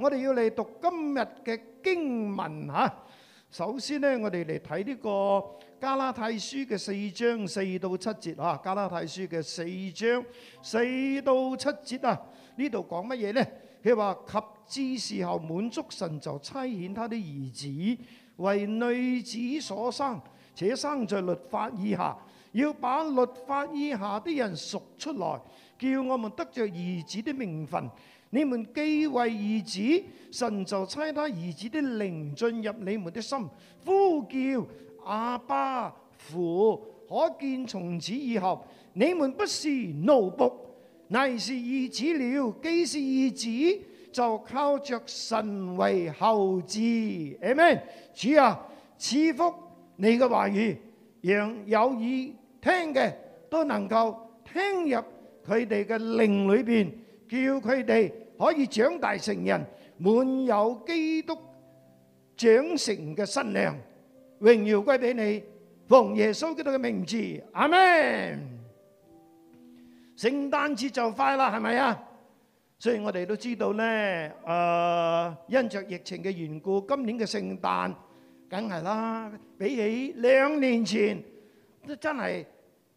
我哋要嚟讀今日嘅經文嚇、啊。首先呢，我哋嚟睇呢個加拉太書嘅四章四到七節嚇、啊。加拉太書嘅四章四到七節啊，呢度講乜嘢呢？佢話及至時候滿足神就差遣他的兒子為女子所生，且生在律法以下，要把律法以下啲人贖出來，叫我們得着兒子的名分。你們既為兒子，神就差他兒子的靈進入你們的心，呼叫阿爸父，可見從此以後，你們不是奴僕，乃是兒子了。既是兒子，就靠着神為後嗣。阿們，主啊，賜福你嘅話語，讓有耳聽嘅都能夠聽入佢哋嘅靈裏邊。叫佢哋可以長大成人，滿有基督長成嘅身量，榮耀歸俾你，奉耶穌基督嘅名字，阿門。聖誕節就快啦，係咪啊？所以我哋都知道咧，誒，因着疫情嘅緣故，今年嘅聖誕梗係啦，比起兩年前都真係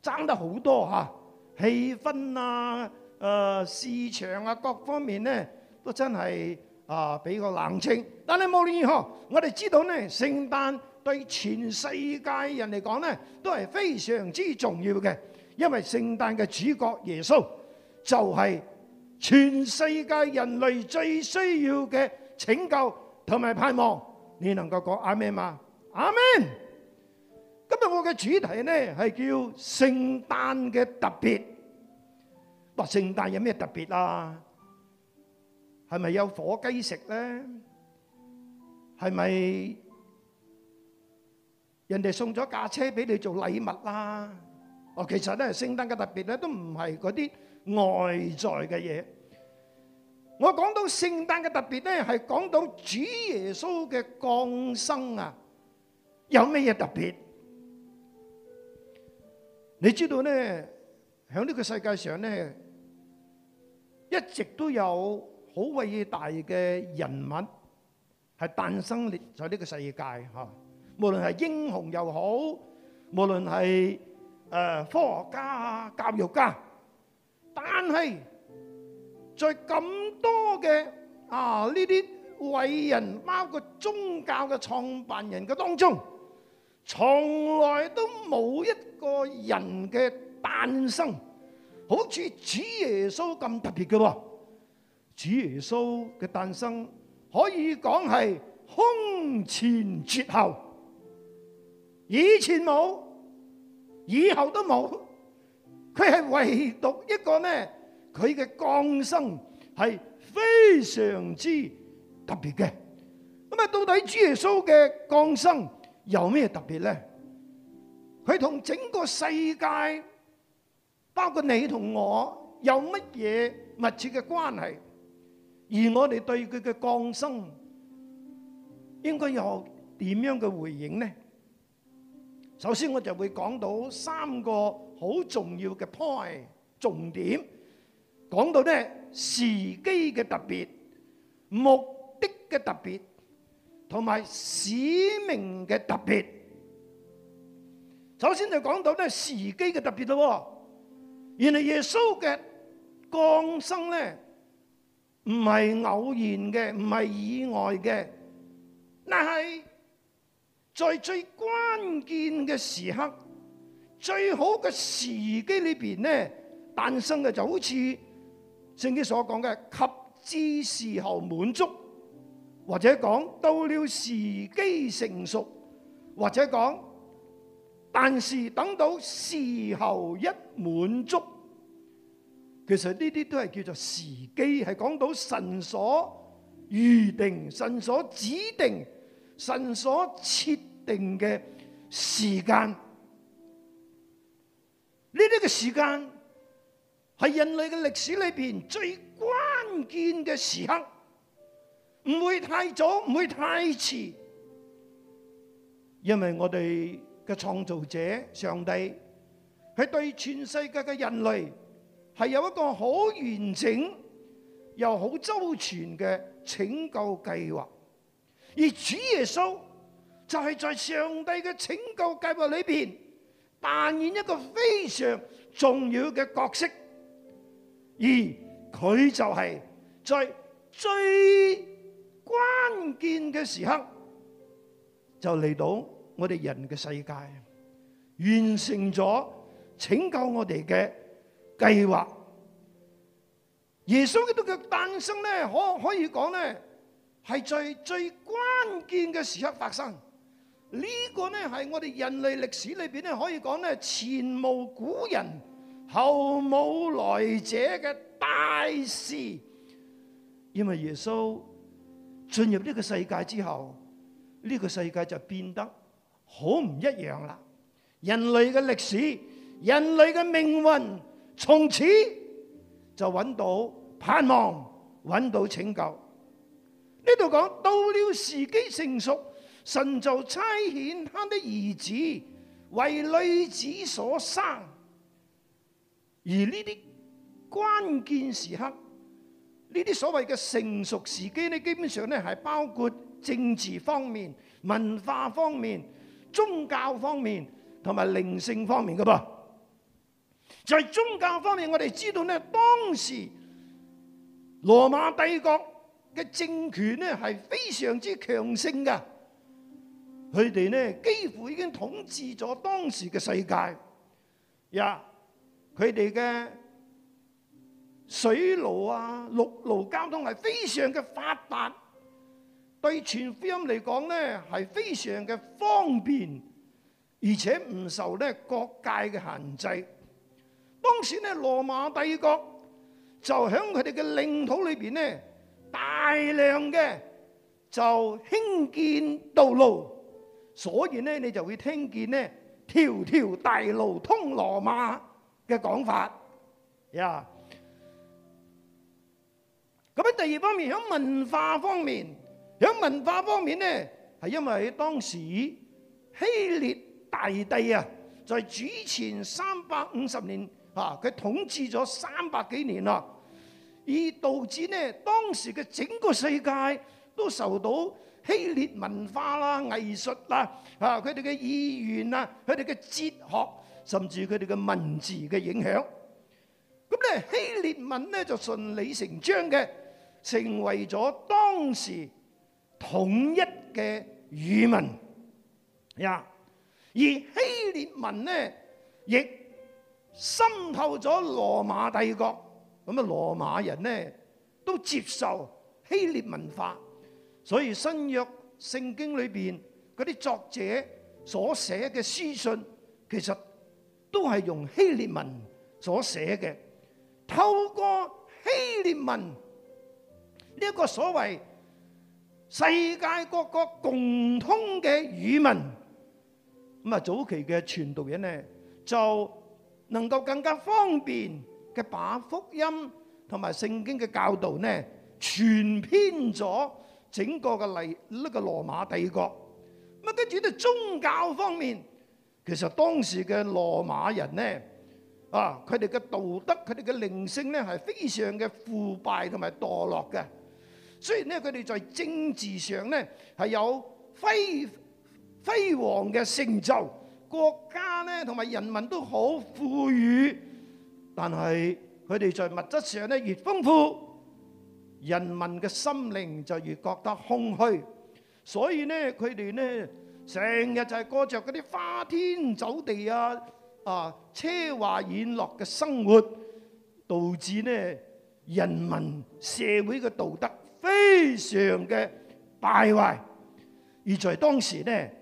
爭得好多吓氣氛啊！誒、啊、市場啊，各方面呢都真係啊比較冷清。但係無論如何，我哋知道呢，聖誕對全世界人嚟講呢，都係非常之重要嘅，因為聖誕嘅主角耶穌就係全世界人類最需要嘅拯救同埋盼望。你能夠講阿們嗎？阿們？今日我嘅主題呢，係叫聖誕嘅特別。哇！聖誕有咩特別啊？係咪有火雞食咧？係咪人哋送咗架車俾你做禮物啦？哦，其實咧聖誕嘅特別咧都唔係嗰啲外在嘅嘢。我講到聖誕嘅特別咧，係講到主耶穌嘅降生啊，有咩嘢特別？你知道咧，喺呢個世界上咧～一直都有好偉大嘅人物係誕生喺呢個世界嚇，無論係英雄又好，無論係誒科學家、教育家，但係在咁多嘅啊呢啲偉人包括宗教嘅創辦人嘅當中，從來都冇一個人嘅誕生。好似主耶穌咁特別㗎喎，主耶穌嘅誕生可以講係空前絕後，以前冇，以後都冇，佢係唯獨一個咩？佢嘅降生係非常之特別嘅。咁啊，到底主耶穌嘅降生有咩特別咧？佢同整個世界，包括你同我有乜嘢密切嘅關係，而我哋對佢嘅降生應該有點樣嘅回應呢？首先我就會講到三個好重要嘅 point 重點，講到咧時機嘅特別、目的嘅特別同埋使命嘅特別。首先就講到咧時機嘅特別咯。原來耶穌嘅降生咧，唔係偶然嘅，唔係意外嘅，但係在最關鍵嘅時刻、最好嘅時機裏邊咧誕生嘅就好似聖經所講嘅及至時候滿足，或者講到了時機成熟，或者講，但是等到時候一滿足。其實呢啲都係叫做時機，係講到神所預定、神所指定、神所設定嘅時間。呢啲嘅時間係人類嘅歷史裏邊最關鍵嘅時刻，唔會太早，唔會太遲。因為我哋嘅創造者上帝係對全世界嘅人類。係有一個好完整又好周全嘅拯救計劃，而主耶穌就係在上帝嘅拯救計劃裡面扮演一個非常重要嘅角色，而佢就係在最關鍵嘅時刻就嚟到我哋人嘅世界，完成咗拯救我哋嘅計劃，耶穌基督嘅誕生咧，可可以講咧係最最關鍵嘅時刻發生。呢個咧係我哋人類歷史裏邊咧可以講咧前無古人後冇來者嘅大事，因爲耶穌進入呢個世界之後，呢個世界就變得好唔一樣啦。人類嘅歷史，人類嘅命運。從此就揾到盼望，揾到拯救。呢度講，到了時機成熟，神就差遣他的兒子為女子所生。而呢啲關鍵時刻，呢啲所謂嘅成熟時機咧，基本上咧係包括政治方面、文化方面、宗教方面同埋靈性方面嘅噃。在宗教方面，我哋知道咧，當時羅馬帝國嘅政權咧係非常之強盛嘅，佢哋咧幾乎已經統治咗當時嘅世界。呀，佢哋嘅水路啊、陸路交通係非常嘅發達，對傳福音嚟講咧係非常嘅方便，而且唔受咧各界嘅限制。當時咧，羅馬帝國就喺佢哋嘅領土裏邊咧，大量嘅就興建道路，所以咧你就會聽見咧條條大路通羅馬嘅講法，呀！咁喺第二方面，喺文化方面，喺文化方面咧，係因為喺當時希臘大帝啊，在、就是、主前三百五十年。嚇！佢統治咗三百幾年啦，而導致呢當時嘅整個世界都受到希臘文化啦、藝術啦、嚇佢哋嘅意願啊、佢哋嘅哲學甚至佢哋嘅文字嘅影響。咁咧希臘文咧就順理成章嘅成為咗當時統一嘅語文呀。Yeah. 而希臘文咧亦滲透咗羅馬帝國，咁啊羅馬人呢都接受希臘文化，所以新約聖經裏邊嗰啲作者所寫嘅書信，其實都係用希臘文所寫嘅。透過希臘文呢一個所謂世界各國共通嘅語文，咁啊早期嘅傳道人呢就，能夠更加方便嘅把福音同埋聖經嘅教導呢，傳遍咗整個嘅嚟呢個羅馬帝國。咁啊，跟住到宗教方面，其實當時嘅羅馬人呢，啊，佢哋嘅道德、佢哋嘅靈性呢，係非常嘅腐敗同埋墮落嘅。雖然呢，佢哋在政治上呢係有輝輝煌嘅成就。國家咧同埋人民都好富裕，但係佢哋在物質上咧越豐富，人民嘅心靈就越覺得空虛，所以咧佢哋咧成日就係過著嗰啲花天酒地啊，啊奢華宴樂嘅生活，導致咧人民社會嘅道德非常嘅敗壞，而在當時咧。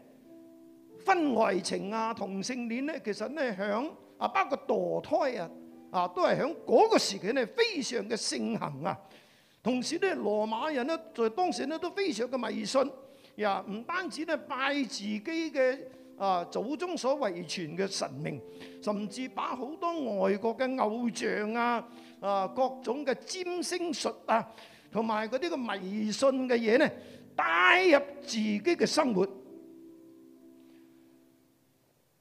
婚外情啊，同性戀咧，其實咧響啊，包括墮胎啊，啊都係響嗰個時期咧非常嘅盛行啊。同時咧，羅馬人咧在當時咧都非常嘅迷信呀，啊，唔單止咧拜自己嘅啊祖宗所遺傳嘅神明，甚至把好多外國嘅偶像啊啊各種嘅占星術啊同埋嗰啲嘅迷信嘅嘢咧帶入自己嘅生活。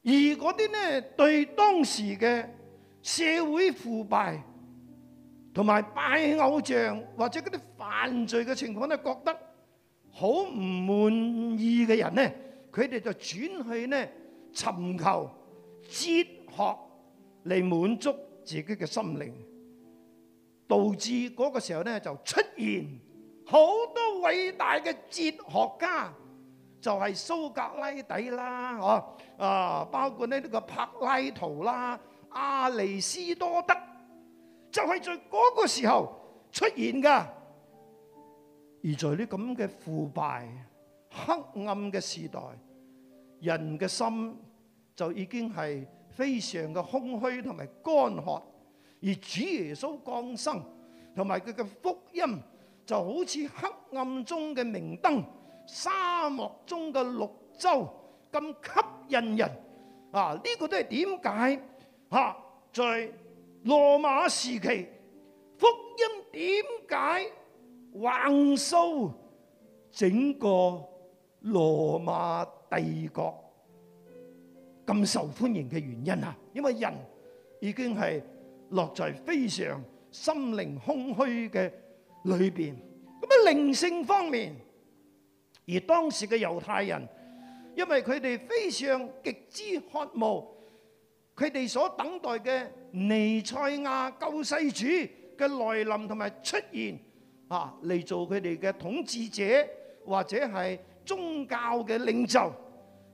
而嗰啲咧對當時嘅社會腐敗同埋拜偶像或者嗰啲犯罪嘅情況咧，覺得好唔滿意嘅人咧，佢哋就轉去咧尋求哲學嚟滿足自己嘅心靈，導致嗰個時候咧就出現好多偉大嘅哲學家。就係、是、蘇格拉底啦，嗬、啊，啊，包括呢呢個柏拉圖啦、阿、啊、里斯多德，就係、是、在嗰個時候出現噶。而在呢咁嘅腐敗黑暗嘅時代，人嘅心就已經係非常嘅空虛同埋乾渴，而主耶穌降生同埋佢嘅福音就好似黑暗中嘅明燈。沙漠中嘅綠洲咁吸引人啊！呢個都係點解吓？在羅馬時期，福音點解橫掃整個羅馬帝國咁受歡迎嘅原因啊？因為人已經係落在非常心靈空虛嘅裏邊。咁喺靈性方面。而當時嘅猶太人，因為佢哋非常極之渴慕，佢哋所等待嘅彌賽亞救世主嘅來臨同埋出現啊，嚟做佢哋嘅統治者或者係宗教嘅領袖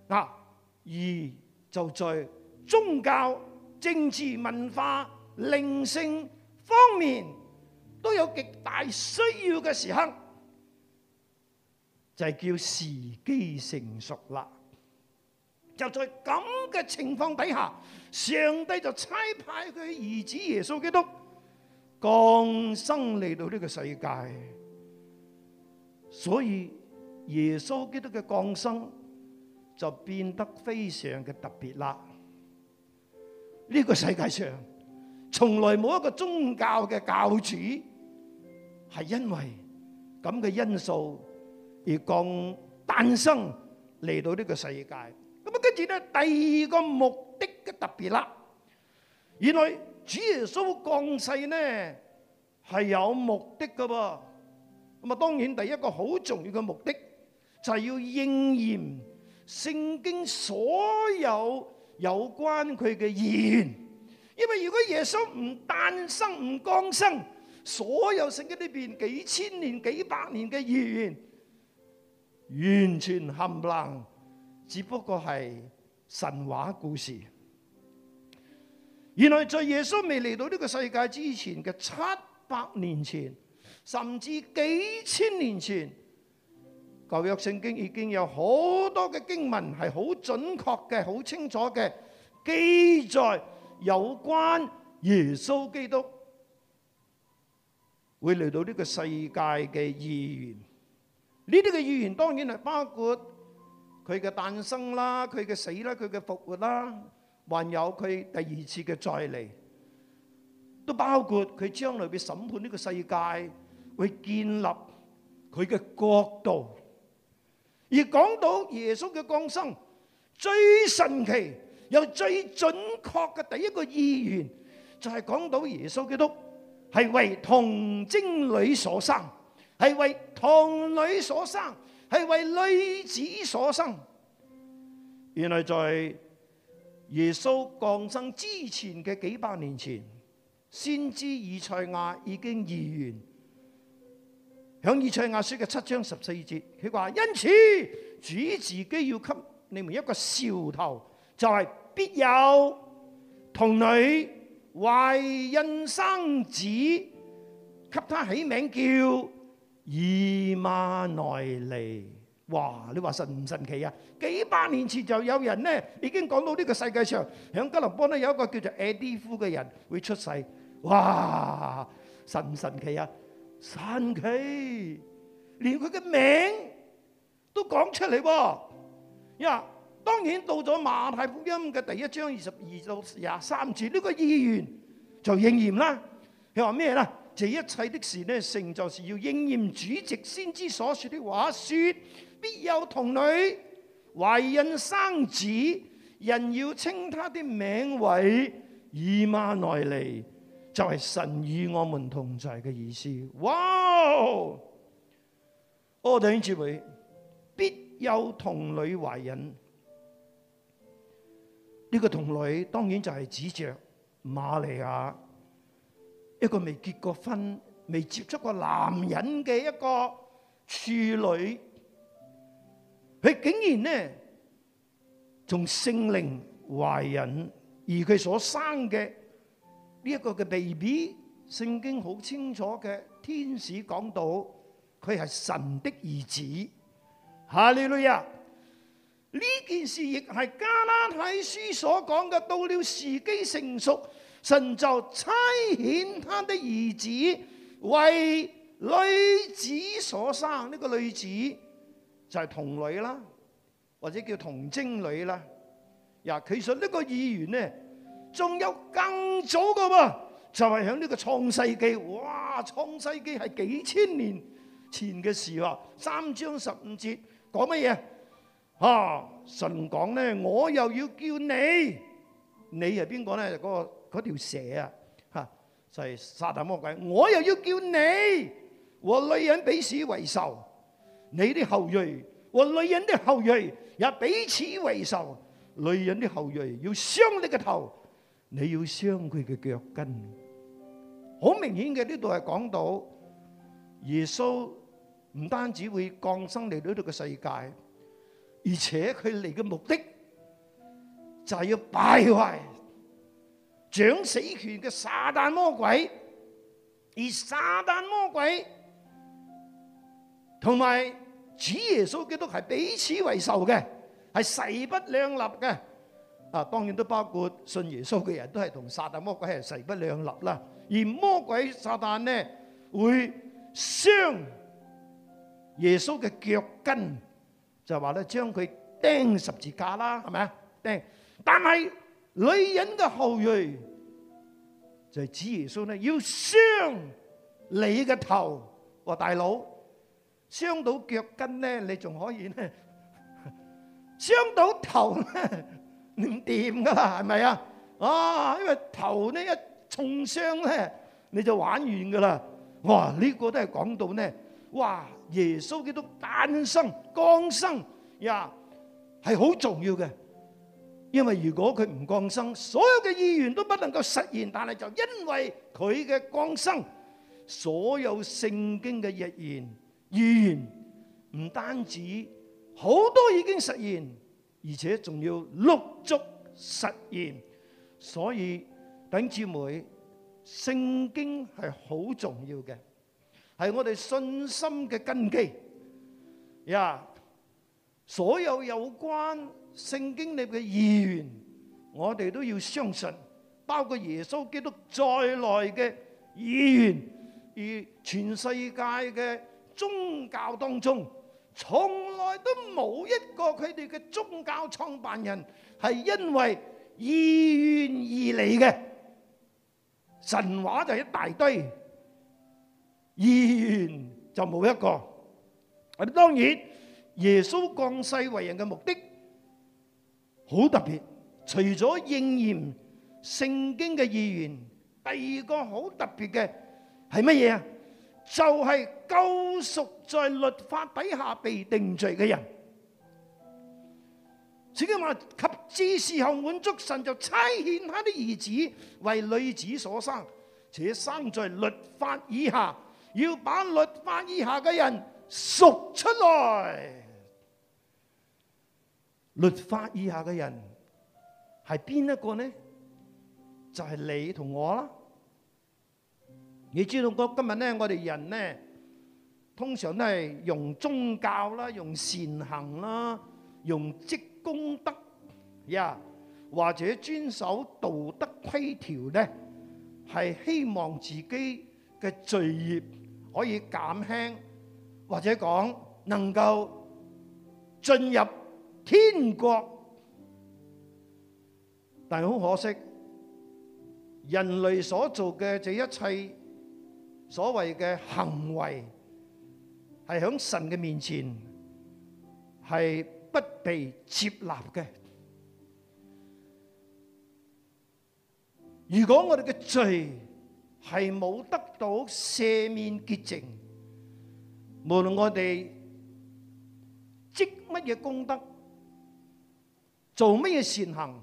啊，而就在宗教、政治、文化、靈性方面都有極大需要嘅時刻。就係叫時機成熟啦，就在咁嘅情況底下，上帝就差派佢兒子耶穌基督降生嚟到呢個世界，所以耶穌基督嘅降生就變得非常嘅特別啦。呢個世界上從來冇一個宗教嘅教主係因為咁嘅因素。而降誕生嚟到呢個世界，咁啊，跟住咧第二個目的嘅特別啦。原來主耶穌降世呢，係有目的噶噃，咁啊，當然第一個好重要嘅目的就係要應驗聖經所有有關佢嘅意願，因為如果耶穌唔誕生，唔降生，所有聖經裏邊幾千年幾百年嘅意願。完全冚唪唥，只不過係神話故事。原來在耶穌未嚟到呢個世界之前嘅七百年前，甚至幾千年前，舊約聖經已經有好多嘅經文係好準確嘅，好清楚嘅，記載有關耶穌基督會嚟到呢個世界嘅意願。呢啲嘅預言當然係包括佢嘅誕生啦、佢嘅死啦、佢嘅復活啦，還有佢第二次嘅再嚟，都包括佢將來會審判呢個世界，會建立佢嘅國度。而講到耶穌嘅降生，最神奇又最準確嘅第一個預言，就係講到耶穌基督係為童貞女所生，係為。童女所生，係為女子所生。原來在耶穌降生之前嘅幾百年前，先知以賽亞已經預言，響以賽亞書嘅七章十四節，佢話：因此主自己要給你們一個兆頭，就係、是、必有童女懷孕生子，給他起名叫。以馬內利，哇！你話神唔神奇啊？幾百年前就有人咧，已經講到呢個世界上，喺吉隆坡咧有一個叫做艾迪夫嘅人會出世，哇！神唔神奇啊？神奇，連佢嘅名都講出嚟喎。呀，當然到咗《馬太福音》嘅第一章二十二到廿三節，呢、這個意願就應驗啦。佢話咩啦？這一切的事呢，成就是要應驗主藉先知所說的話說，說必有童女懷孕生子，人要稱他的名為以馬內利，就係、是、神與我們同在嘅意思。哇、哦！我睇住佢，必有童女懷孕。呢、這個童女當然就係指着瑪利亞。一個未結過婚、未接觸過男人嘅一個處女，佢竟然呢從聖靈懷孕，而佢所生嘅呢一個嘅 baby，聖經好清楚嘅，天使講到佢係神的兒子。哈利路亞！呢件事亦係加拉太書所講嘅，到了時機成熟。神就差遣他的兒子為女子所生，呢個女子就係童女啦，或者叫童貞女啦。呀，其實呢個預言呢，仲有更早嘅噃，就係喺呢個創世記。哇，創世記係幾千年前嘅事喎，啊。三章十五節講乜嘢？啊，啊，神講呢：「我又要叫你，你係邊個咧？就嗰條蛇啊，吓就係撒旦魔鬼。我又要叫你和女人彼此為仇，你啲後裔和女人啲後裔也彼此為仇，女人啲後裔要傷你個頭，你要傷佢嘅腳跟。好明顯嘅，呢度係講到耶穌唔單止會降生嚟到呢度嘅世界，而且佢嚟嘅目的就係、是、要敗壞。掌死權嘅撒旦魔鬼，而撒旦魔鬼同埋主耶穌基督係彼此為仇嘅，係誓不兩立嘅。啊，當然都包括信耶穌嘅人都係同撒旦魔鬼係誓不兩立啦。而魔鬼撒旦呢，會傷耶穌嘅腳跟，就話咧將佢釘十字架啦，係咪啊？釘。但係女人嘅後裔。就指耶穌咧，要傷你嘅頭，話大佬傷到腳跟咧，你仲可以咧；傷到頭咧，唔掂㗎喇，係咪啊？啊，因為頭呢一重傷咧，你就玩完㗎喇。哇！呢個都係講到咧，哇！耶穌基督誕生、降生呀，係好重要嘅。因為如果佢唔降生，所有嘅意願都不能夠實現。但係就因為佢嘅降生，所有聖經嘅預言，意願唔單止好多已經實現，而且仲要陸續實現。所以，弟兄姊妹，聖經係好重要嘅，係我哋信心嘅根基。呀，所有有關。聖經裏嘅意願，我哋都要相信。包括耶穌基督再來嘅意願，而全世界嘅宗教當中，從來都冇一個佢哋嘅宗教創辦人係因為意願而嚟嘅。神話就一大堆，意願就冇一個。啊，當然耶穌降世為人嘅目的。好特別，除咗應驗聖經嘅意願，第二個好特別嘅係乜嘢啊？就係救贖在律法底下被定罪嘅人。主經話，及至時候滿足，神就差遣他的兒子為女子所生，且生在律法以下，要把律法以下嘅人贖出來。律法以下嘅人係邊一個呢？就係、是、你同我啦。你知道我今日呢，我哋人呢，通常都係用宗教啦，用善行啦，用積功德呀，yeah, 或者遵守道德規條呢，係希望自己嘅罪孽可以減輕，或者講能夠進入。天國，但係好可惜，人類所做嘅這一切所謂嘅行為，係響神嘅面前係不被接納嘅。如果我哋嘅罪係冇得到赦免、潔淨，無論我哋積乜嘢功德。做乜嘢善行，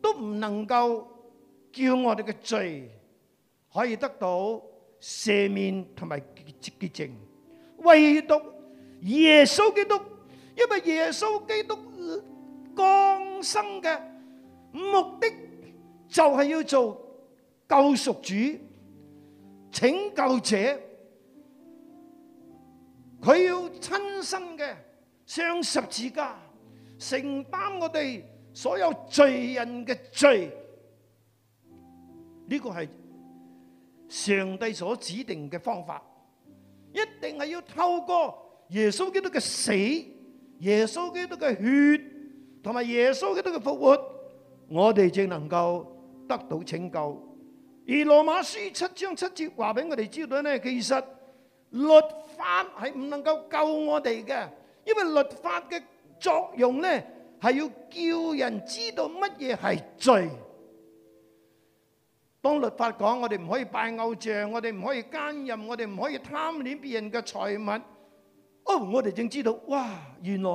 都唔能夠叫我哋嘅罪可以得到赦免同埋潔淨。唯獨耶穌基督，因為耶穌基督降生嘅目的就係要做救贖主、拯救者，佢要親身嘅上十字架，承擔我哋所有罪人嘅罪，呢個係上帝所指定嘅方法，一定係要透過耶穌基督嘅死、耶穌基督嘅血，同埋耶穌基督嘅復活，我哋正能夠得到拯救。而羅馬書七章七節話俾我哋知道咧，其實律法係唔能夠救我哋嘅，因為律法嘅。作用咧係要叫人知道乜嘢係罪。當律法講，我哋唔可以拜偶像，我哋唔可以奸淫，我哋唔可以貪戀別人嘅財物。哦，我哋正知道，哇，原來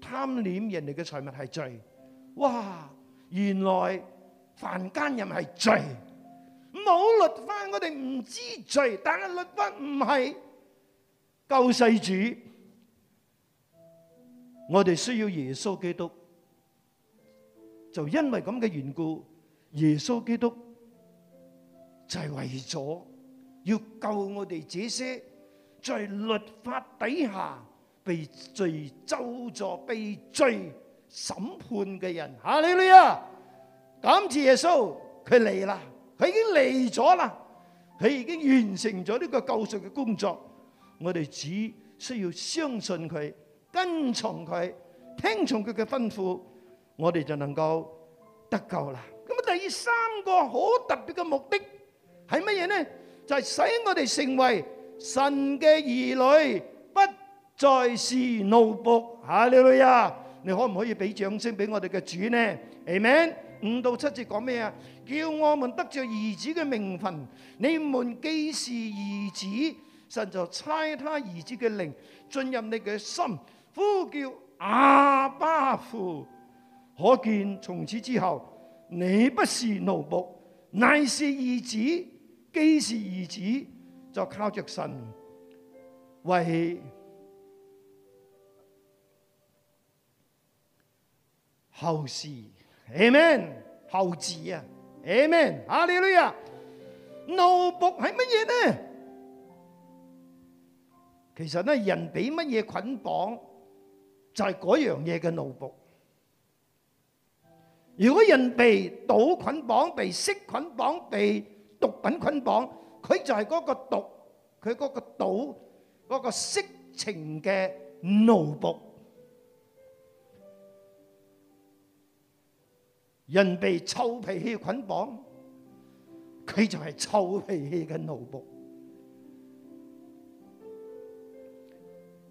貪戀人哋嘅財物係罪。哇，原來凡奸淫係罪。冇律法，我哋唔知罪，但係律法唔係救世主。我哋需要耶穌基督，就因為咁嘅緣故，耶穌基督就係為咗要救我哋這些在律法底下被罪咒詛、被罪審判嘅人。哈利路亞，感謝耶穌，佢嚟啦，佢已經嚟咗啦，佢已經完成咗呢個救贖嘅工作。我哋只需要相信佢。跟從佢，聽從佢嘅吩咐，我哋就能夠得救啦。咁啊，第三個好特別嘅目的係乜嘢呢？就係使我哋成為神嘅兒女，不再是奴僕。哈利路亞，你可唔可以俾掌聲俾我哋嘅主呢？Amen。五到七節講咩啊？叫我們得着兒子嘅名分。你們既是兒子，神就差他兒子嘅靈進入你嘅心。呼叫阿巴父，可見從此之後，你不是奴僕，乃是兒子。既是兒子，就靠着神為後嗣 Amen。後子啊，Amen。哈利路亞，奴僕係乜嘢呢？其實呢，人俾乜嘢捆綁？就係嗰樣嘢嘅腦部。如果人被賭捆綁、被色捆綁、被毒品捆綁，佢就係嗰個毒、佢嗰個賭、嗰個色情嘅腦部。人被臭脾氣捆綁，佢就係臭脾氣嘅腦部。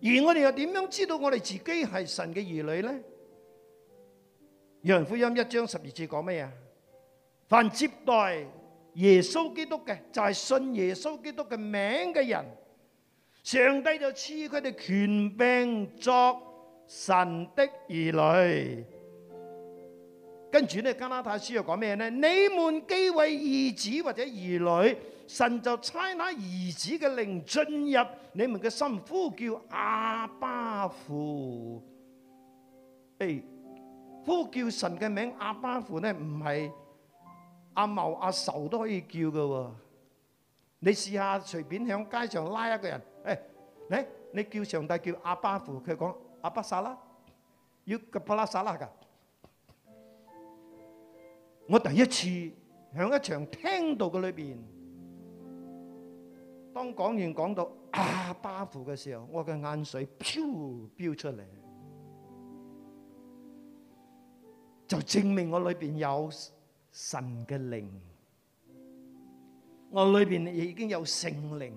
而我哋又點樣知道我哋自己係神嘅兒女咧？約翰福音一章十二節講咩啊？凡接待耶穌基督嘅，就係、是、信耶穌基督嘅名嘅人，上帝就賜佢哋權柄作神的兒女。跟住咧，加拉太書又講咩咧？你們既為兒子或者兒女。神就差那兒子嘅靈進入你們嘅心，呼叫阿爸父。誒，呼叫神嘅名阿爸父咧，唔係阿茂阿仇都可以叫嘅喎。你試下隨便響街上拉一個人，誒，你你叫上帝叫阿爸父，佢講阿爸撒啦，要吉布拉撒啦噶。我第一次響一場聽道嘅裏邊。當講完講到阿爸父嘅時候，我嘅眼水飄飆出嚟，就證明我裏邊有神嘅靈，我裏邊已經有聖靈，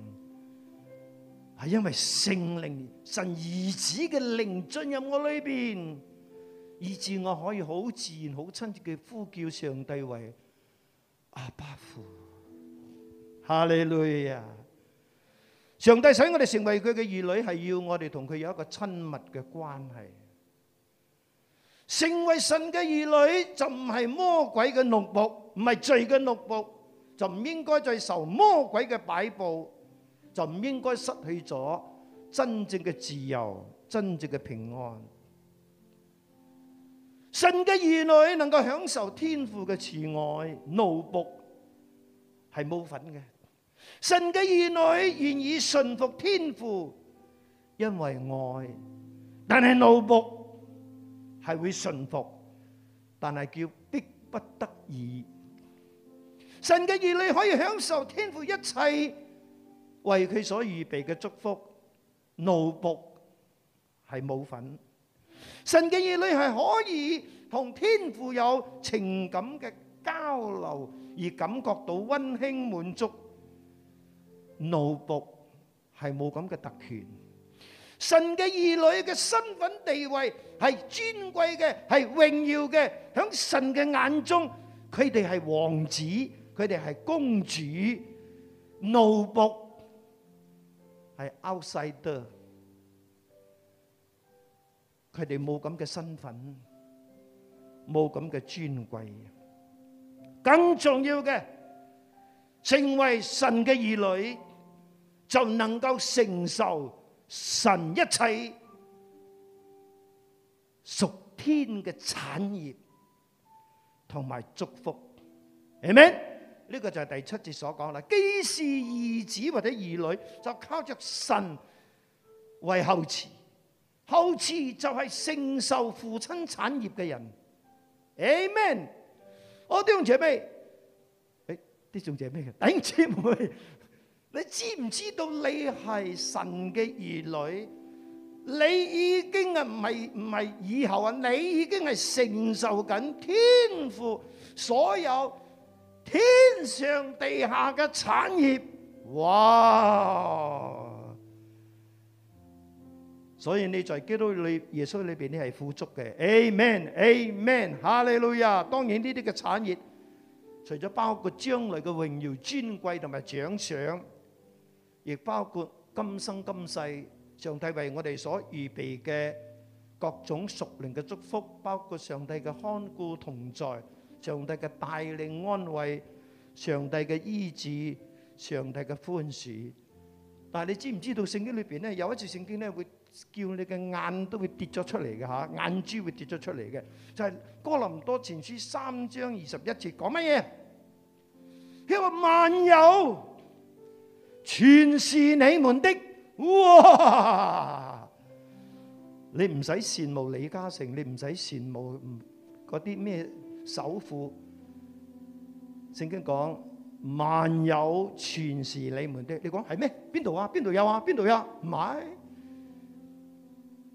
係因為聖靈、神兒子嘅靈進入我裏邊，以至我可以好自然、好親切嘅呼叫上帝為阿爸父，哈利路亞。上帝使我哋成為佢嘅兒女，係要我哋同佢有一個親密嘅關係。成為神嘅兒女，就唔係魔鬼嘅奴僕，唔係罪嘅奴僕，就唔應該再受魔鬼嘅擺布，就唔應該失去咗真正嘅自由、真正嘅平安。神嘅兒女能夠享受天父嘅慈愛，奴僕係冇份嘅。神嘅兒女願意順服天父，因為愛。但係奴僕係會順服，但係叫逼不得已。神嘅兒女可以享受天父一切為佢所預備嘅祝福。奴僕係冇份。神嘅兒女係可以同天父有情感嘅交流，而感覺到溫馨滿足。奴僕係冇咁嘅特權。神嘅兒女嘅身份地位係尊貴嘅，係榮耀嘅。響神嘅眼中，佢哋係王子，佢哋係公主。奴僕係 outsider，佢哋冇咁嘅身份，冇咁嘅尊貴。更重要嘅，成為神嘅兒女。就能夠承受神一切屬天嘅產業同埋祝福，amen。呢個就係第七節所講啦。既是兒子或者兒女，就靠着神為後嗣，後嗣就係承受父親產業嘅人，amen。我都用姐妹、哎，誒，啲眾姐妹嘅，頂姐妹。哎你知唔知道你係神嘅兒女？你已經啊唔係唔係以後啊，你已經係承受緊天父所有天上地下嘅產業。哇！所以你在基督裏、耶穌裏面，你係富足嘅。Amen，Amen，哈利路亞。當然呢啲嘅產業，除咗包括將來嘅榮耀、尊貴同埋獎賞。亦包括今生今世，上帝為我哋所預備嘅各種屬靈嘅祝福，包括上帝嘅看顧同在，上帝嘅大力安慰，上帝嘅醫治，上帝嘅寬恕。但係你知唔知道聖經裏邊咧，有一次聖經咧會叫你嘅眼都會跌咗出嚟嘅吓，眼珠會跌咗出嚟嘅，就係、是、哥林多前書三章二十一節講乜嘢？佢話萬有、全是你們的哇！你唔使羨慕李嘉誠，你唔使羨慕嗰啲咩首富。聖經講萬有全是你們的，你講係咩？邊度啊？邊度有啊？邊度有啊？唔係。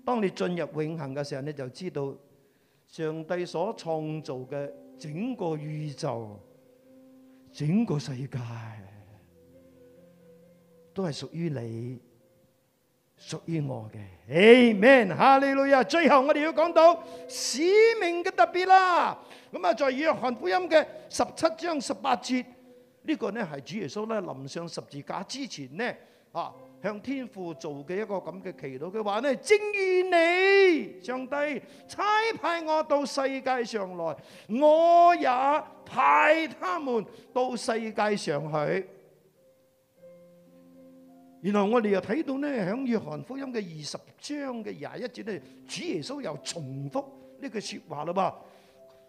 當你進入永恒嘅時候，你就知道上帝所創造嘅整個宇宙、整個世界。都係屬於你，屬於我嘅。Amen，哈利路亞。最後我哋要講到使命嘅特別啦。咁啊，在約翰福音嘅十七章十八節，呢、呢個呢係主耶穌呢臨上十字架之前呢啊向天父做嘅一個咁嘅祈禱嘅話呢，正如你上帝差派我到世界上來，我也派他們到世界上去。原來我哋又睇到咧，喺約翰福音嘅二十章嘅廿一節咧，主耶穌又重複呢句説話嘞噃。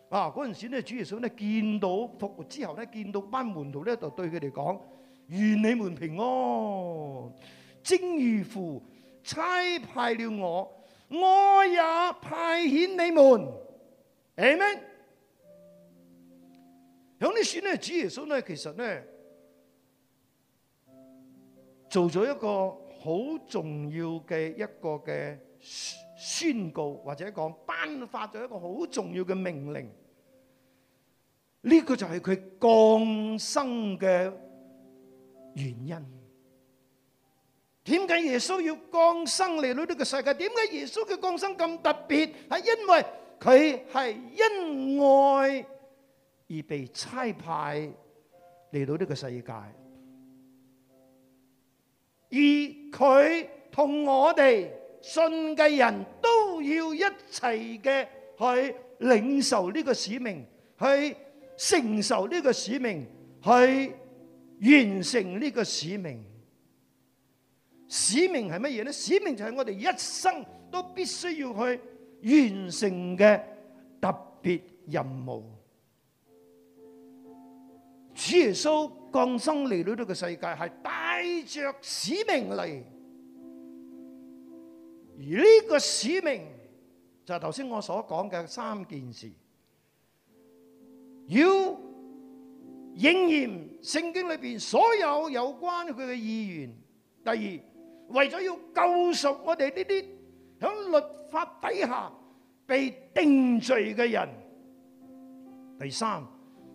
啊，嗰陣時咧，主耶穌咧見到復活之後咧，見到班門徒咧，就對佢哋講：願你們平安。正如父差派了我，我也派遣你們。阿咩？響呢邊咧，主耶穌咧，其實咧，做咗一個好重要嘅一個嘅宣告，或者講，頒發咗一個好重要嘅命令，呢個就係佢降生嘅原因。點解耶穌要降生嚟到呢個世界？點解耶穌嘅降生咁特別？係因為佢係因愛而被差派嚟到呢個世界。而佢同我哋信嘅人都要一齊嘅去領受呢個使命，去承受呢個使命，去完成呢個使命。使命係乜嘢咧？使命就係我哋一生都必須要去完成嘅特別任務。主耶穌降生嚟到呢個世界係帶着使命嚟，而呢個使命就係頭先我所講嘅三件事：要應驗聖經裏邊所有有關佢嘅意願；第二，為咗要救贖我哋呢啲響律法底下被定罪嘅人；第三。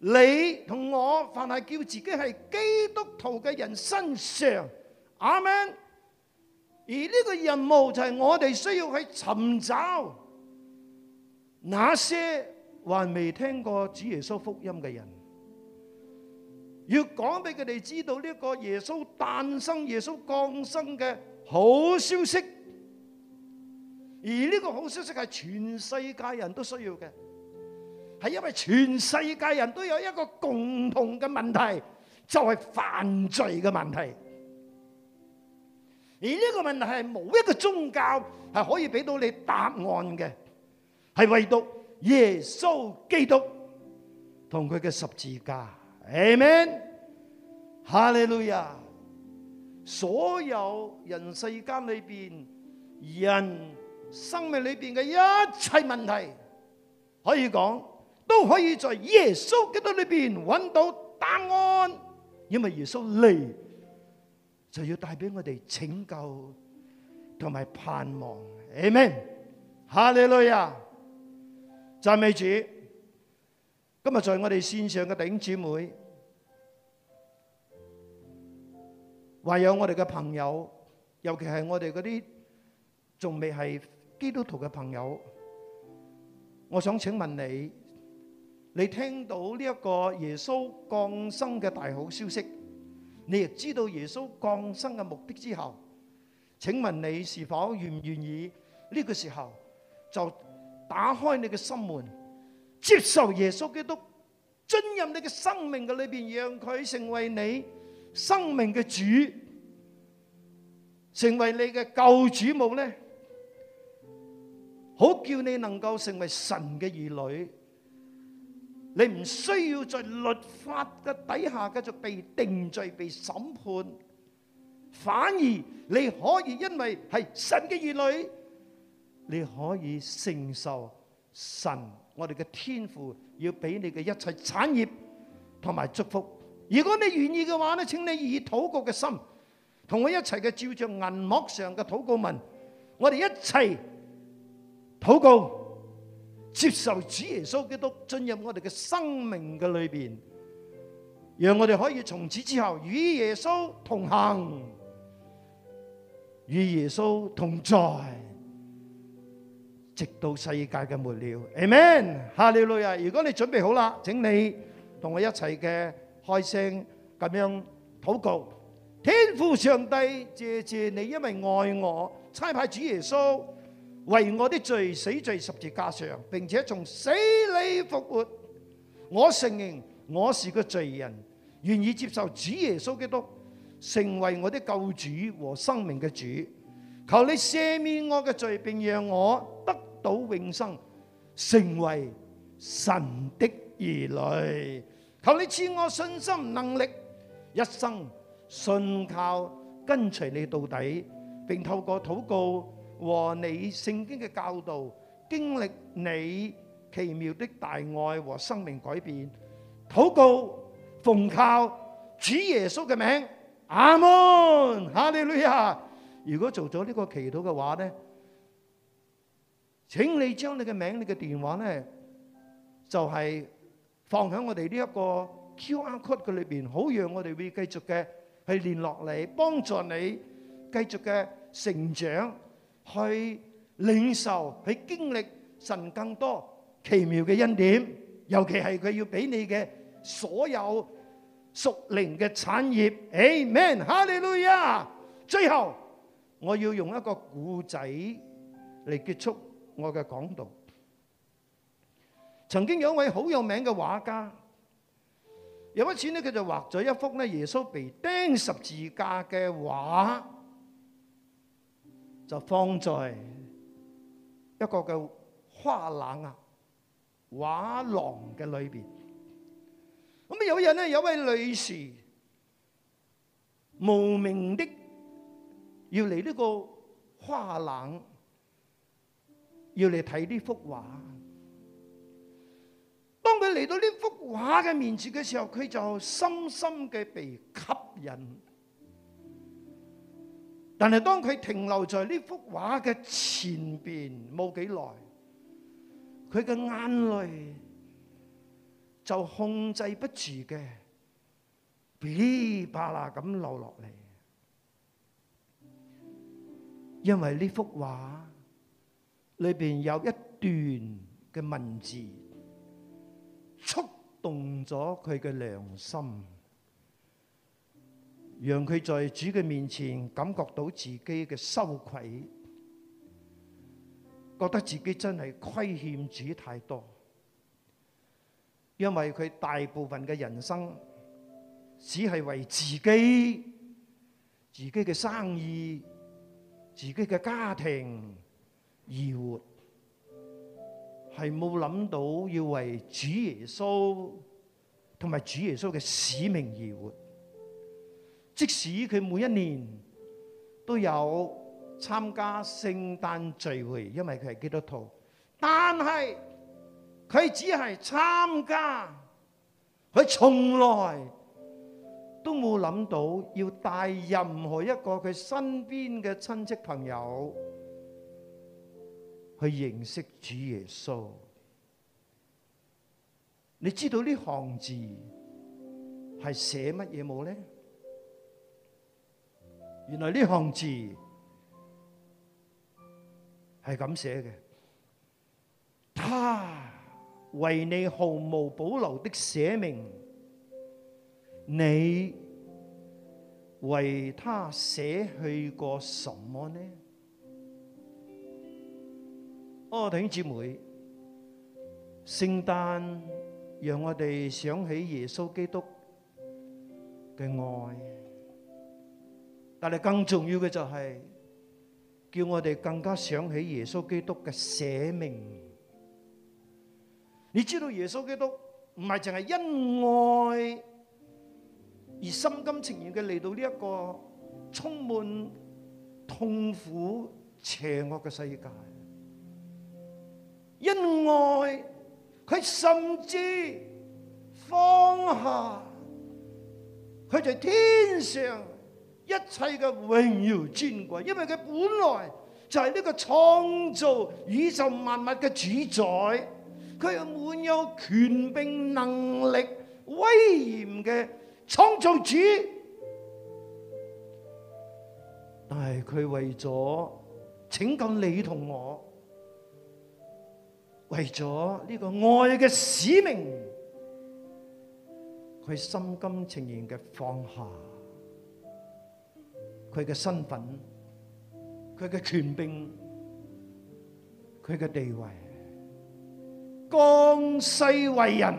你同我凡係叫自己係基督徒嘅人身上，阿們，而呢個任務就係我哋需要去尋找那些還未聽過主耶穌福音嘅人，要講俾佢哋知道呢個耶穌誕生、耶穌降生嘅好消息。而呢個好消息係全世界人都需要嘅。係因為全世界人都有一個共同嘅問題，就係犯罪嘅問題。而呢個問題係冇一個宗教係可以俾到你答案嘅，係唯獨耶穌基督同佢嘅十字架。阿門。哈利路亞！所有人世間裏邊，人生命裏邊嘅一切問題，可以講。都可以在耶穌基督裏邊揾到答案，因為耶穌嚟就要帶俾我哋拯救同埋盼望。阿門！哈利路亞！讚美主！今日在我哋線上嘅頂姊妹，還有我哋嘅朋友，尤其係我哋嗰啲仲未係基督徒嘅朋友，我想請問你。你聽到呢一個耶穌降生嘅大好消息，你亦知道耶穌降生嘅目的之後，請問你是否願唔願意呢個時候就打開你嘅心門，接受耶穌基督，進入你嘅生命嘅裏邊，讓佢成為你生命嘅主，成為你嘅救主冇咧？好叫你能夠成為神嘅兒女。你唔需要在律法嘅底下繼續被定罪、被審判，反而你可以因為係神嘅兒女，你可以承受神我哋嘅天父要俾你嘅一切產業同埋祝福。如果你願意嘅話咧，請你以禱告嘅心同我一齊嘅照著銀幕上嘅禱告文，我哋一齊禱告，接受主耶穌基督進入我哋嘅生命嘅裏邊，讓我哋可以從此之後與耶穌同行，與耶穌同在，直到世界嘅末了。Amen！哈利路亞！如果你準備好啦，請你同我一齊嘅開聲咁樣禱告。天父上帝，謝謝你，因為愛我，差派主耶穌。為我的罪死在十字架上，並且從死裏復活。我承認我是個罪人，願意接受主耶穌基督成為我的救主和生命嘅主。求你赦免我嘅罪，並讓我得到永生，成為神的兒女。求你賜我信心、能力，一生信靠跟隨你到底，並透過禱告。和你聖經嘅教導，經歷你奇妙的大愛和生命改變，禱告奉靠主耶穌嘅名，阿門。哈利路亞！如果做咗呢個祈禱嘅話咧，請你將你嘅名、你嘅電話咧，就係放喺我哋呢一個 QR code 嘅裏邊，好讓我哋會繼續嘅去聯絡你，幫助你繼續嘅成長。去領受、去經歷神更多奇妙嘅恩典，尤其係佢要俾你嘅所有屬靈嘅產業。Amen，哈利路亞！最後，我要用一個故仔嚟結束我嘅講道。曾經有一位好有名嘅畫家，有一次咧，佢就畫咗一幅咧耶穌被釘十字架嘅畫。就放在一個叫「花冷」啊，畫廊嘅裏邊。咁啊，有一日咧，有位女士無名的要嚟呢個「花冷」，要嚟睇呢幅畫。當佢嚟到呢幅畫嘅面前嘅時候，佢就深深嘅被吸引。但係當佢停留在呢幅畫嘅前邊冇幾耐，佢嘅眼淚就控制不住嘅噼啪啦咁流落嚟，因為呢幅畫裏邊有一段嘅文字觸動咗佢嘅良心。讓佢在主嘅面前感覺到自己嘅羞愧，覺得自己真係虧欠主太多，因為佢大部分嘅人生只係為自己、自己嘅生意、自己嘅家庭而活，係冇諗到要為主耶穌同埋主耶穌嘅使命而活。即使佢每一年都有參加聖誕聚會，因為佢係基督徒，但係佢只係參加，佢從來都冇諗到要帶任何一個佢身邊嘅親戚朋友去認識主耶穌。你知道呢行字係寫乜嘢冇咧？原來呢行字係咁寫嘅，他為你毫無保留的捨命，你為他捨去過什麼呢？哦，弟兄姊妹，聖誕讓我哋想起耶穌基督嘅愛。但係更重要嘅就係叫我哋更加想起耶穌基督嘅捨命。你知道，耶穌基督唔係淨係因愛而心甘情願嘅嚟到呢一個充滿痛苦邪惡嘅世界，因愛，佢甚至放下佢在天上，一切嘅榮耀尊貴，因為佢本來就係呢個創造宇宙萬物嘅主宰，佢係滿有權柄、能力、威嚴嘅創造主。但係佢為咗拯救你同我，為咗呢個愛嘅使命，佢心甘情願嘅放下。佢嘅身份，佢嘅權柄，佢嘅地位，降世為人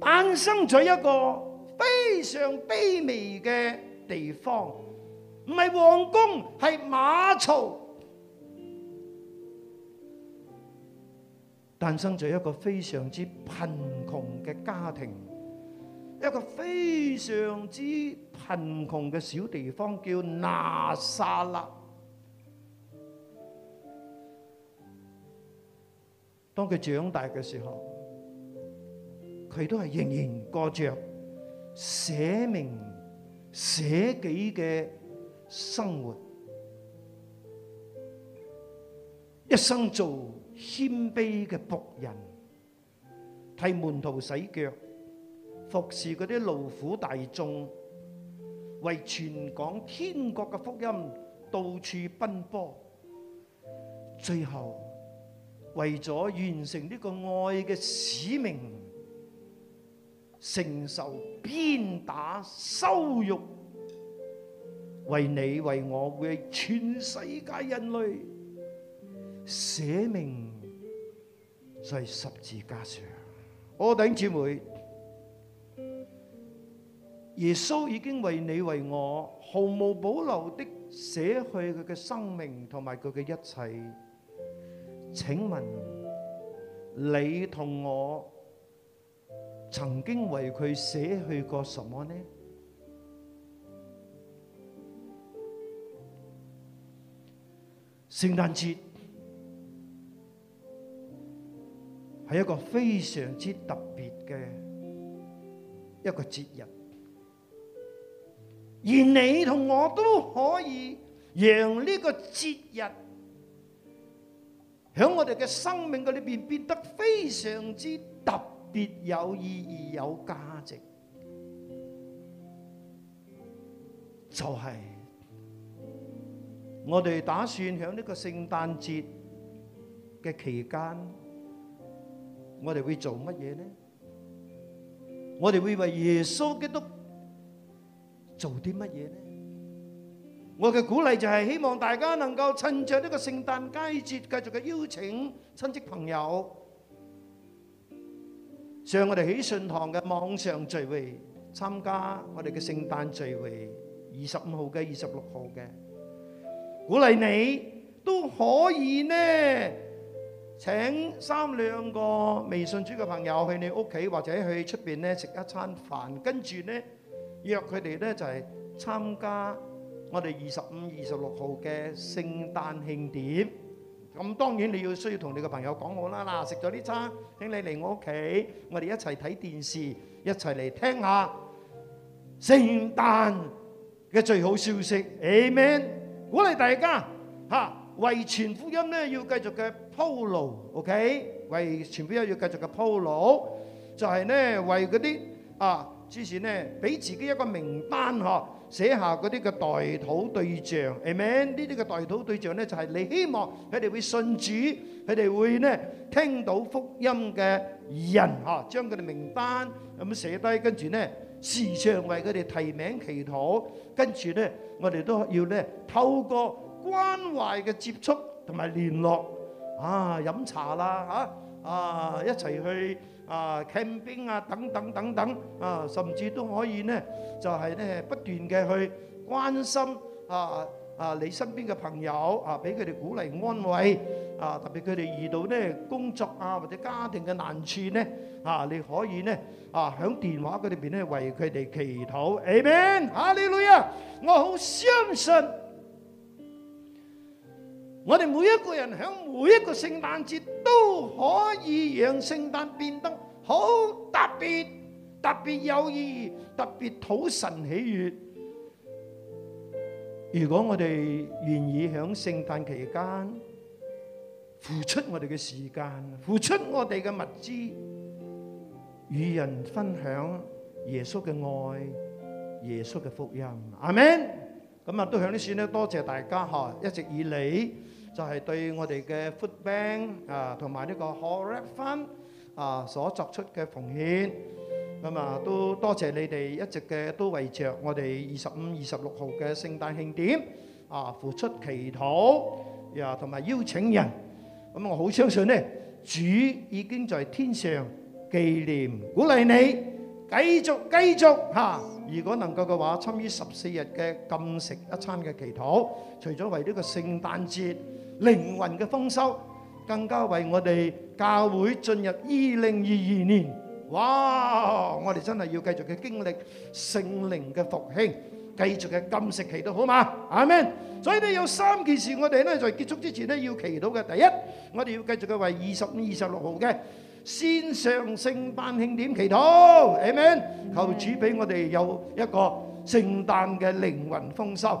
誕生咗一個非常卑微嘅地方，唔係皇宮，係馬槽，誕生咗一個非常之貧窮嘅家庭。一個非常之貧窮嘅小地方叫拿撒勒。當佢長大嘅時候，佢都係仍然過着捨命捨己嘅生活，一生做謙卑嘅僕人，替門徒洗腳。服侍嗰啲勞苦大眾，為全港天國嘅福音到處奔波，最後為咗完成呢個愛嘅使命，承受鞭打羞辱，為你為我為全世界人類寫命在十字架上。我頂姊妹。耶穌已經為你為我毫無保留的捨去佢嘅生命同埋佢嘅一切。請問你同我曾經為佢捨去過什麼呢？聖誕節係一個非常之特別嘅一個節日。而你同我都可以讓呢個節日喺我哋嘅生命嘅裏邊變得非常之特別，有意義，有價值，就係我哋打算喺呢個聖誕節嘅期間，我哋會做乜嘢呢？我哋會為耶穌基督。做啲乜嘢呢？我嘅鼓勵就係希望大家能夠趁着呢個聖誕佳節，繼續嘅邀請親戚朋友上我哋喜信堂嘅網上聚會，參加我哋嘅聖誕聚會。二十五號嘅、二十六號嘅，鼓勵你都可以呢，請三兩個微信組嘅朋友去你屋企或者去出邊呢食一餐飯，跟住呢。約佢哋咧就係參加我哋二十五、二十六號嘅聖誕慶典。咁當然你要需要同你個朋友講好啦。嗱，食咗啲餐，請你嚟我屋企，我哋一齊睇電視，一齊嚟聽下聖誕嘅最好消息。Amen！鼓勵大家嚇，為全福音咧要繼續嘅鋪路，OK？為全福音要繼續嘅鋪路，就係咧為嗰啲啊～之前咧，俾自己一個名單，嗬，寫下嗰啲嘅代禱對象，係咪？呢啲嘅代禱對象咧，就係、是、你希望佢哋會信主，佢哋會咧聽到福音嘅人，嗬，將佢哋名單咁寫低，跟住咧時常為佢哋提名祈禱，跟住咧我哋都要咧透過關懷嘅接觸同埋聯絡，啊，飲茶啦，嚇、啊！啊，一齊去啊 camping 啊，等等等等啊，甚至都可以咧，就係咧不斷嘅去關心啊啊你身邊嘅朋友啊，俾佢哋鼓勵安慰啊，特別佢哋遇到呢工作啊或者家庭嘅難處咧啊，你可以咧啊喺電話裡邊咧為佢哋祈禱，Amen 嚇你女啊，我好相信。我哋每一個人喺每一個聖誕節都可以讓聖誕變得好特別，特別有意義，特別討神喜悅。如果我哋願意喺聖誕期間付出我哋嘅時間，付出我哋嘅物資，與人分享耶穌嘅愛、耶穌嘅福音，阿門。咁啊，都響呢邊咧，多謝大家吓，一直以嚟。就係對我哋嘅 food bank 啊，同埋呢個 hall wrap fun 啊所作出嘅奉獻，咁啊都多謝你哋一直嘅都為著我哋二十五、二十六號嘅聖誕慶典啊付出祈禱，又同埋邀請人。咁我好相信呢，主已經在天上紀念，鼓勵你繼續繼續嚇。如果能夠嘅話，參與十四日嘅禁食一餐嘅祈禱，除咗為呢個聖誕節，靈魂嘅豐收，更加為我哋教會進入二零二二年，哇！我哋真係要繼續嘅經歷聖靈嘅復興，繼續嘅禁食祈禱，好嘛？阿們。所以呢有三件事，我哋呢在結束之前呢要祈禱嘅，第一，我哋要繼續嘅為二十、二十六號嘅線上聖誕慶典祈禱，阿們，求主俾我哋有一個聖誕嘅靈魂豐收。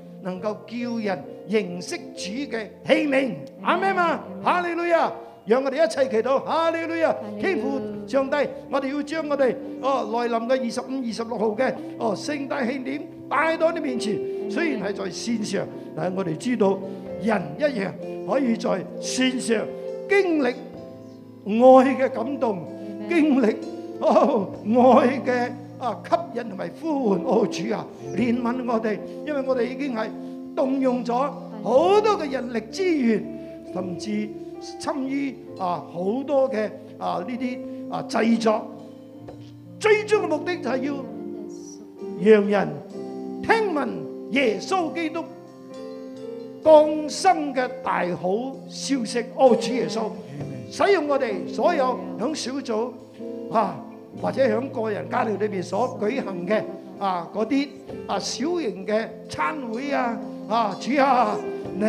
能夠叫人認識主嘅器皿，阿們嘛，哈利路亞，讓我哋一齊祈禱，哈利路亞，天父上帝，我哋要將我哋哦來臨嘅二十五、二十六號嘅哦聖誕慶典擺喺多啲面前。雖然係在線上，但係我哋知道人一樣可以在線上經歷愛嘅感動，經歷哦愛嘅。啊！吸引同埋呼喚吾主啊，憐憫我哋，因為我哋已經係動用咗好多嘅人力資源，甚至參與啊好多嘅啊呢啲啊製作。最終嘅目的就係要讓人聽聞耶穌基督降生嘅大好消息。吾主耶穌，使用我哋所有響小組啊！或者響個人家庭裏邊所舉行嘅啊嗰啲啊小型嘅餐會，啊啊主，啊你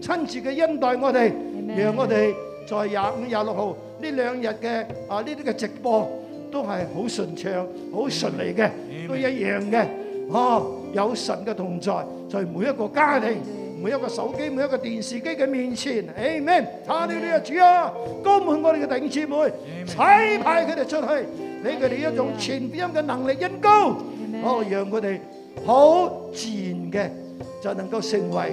親自嘅恩待我哋，Amen. 讓我哋在廿五廿六號呢兩日嘅啊呢啲嘅直播都係好順暢、好順利嘅，Amen. 都一樣嘅。哦、啊，有神嘅同在，在每一個家庭。每一個手機、每一個電視機嘅面前，阿們。阿啲啲啊主啊，高滿我哋嘅弟兄姊妹，差派佢哋出去，俾佢哋一種傳福音嘅能力恩膏，哦，讓佢哋好自然嘅就能夠成為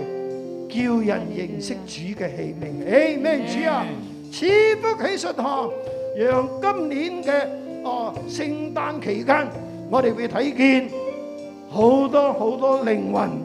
叫人認識主嘅器皿。阿們。主啊，賜福喜訊堂，讓今年嘅哦聖誕期間，我哋會睇見好多好多靈魂。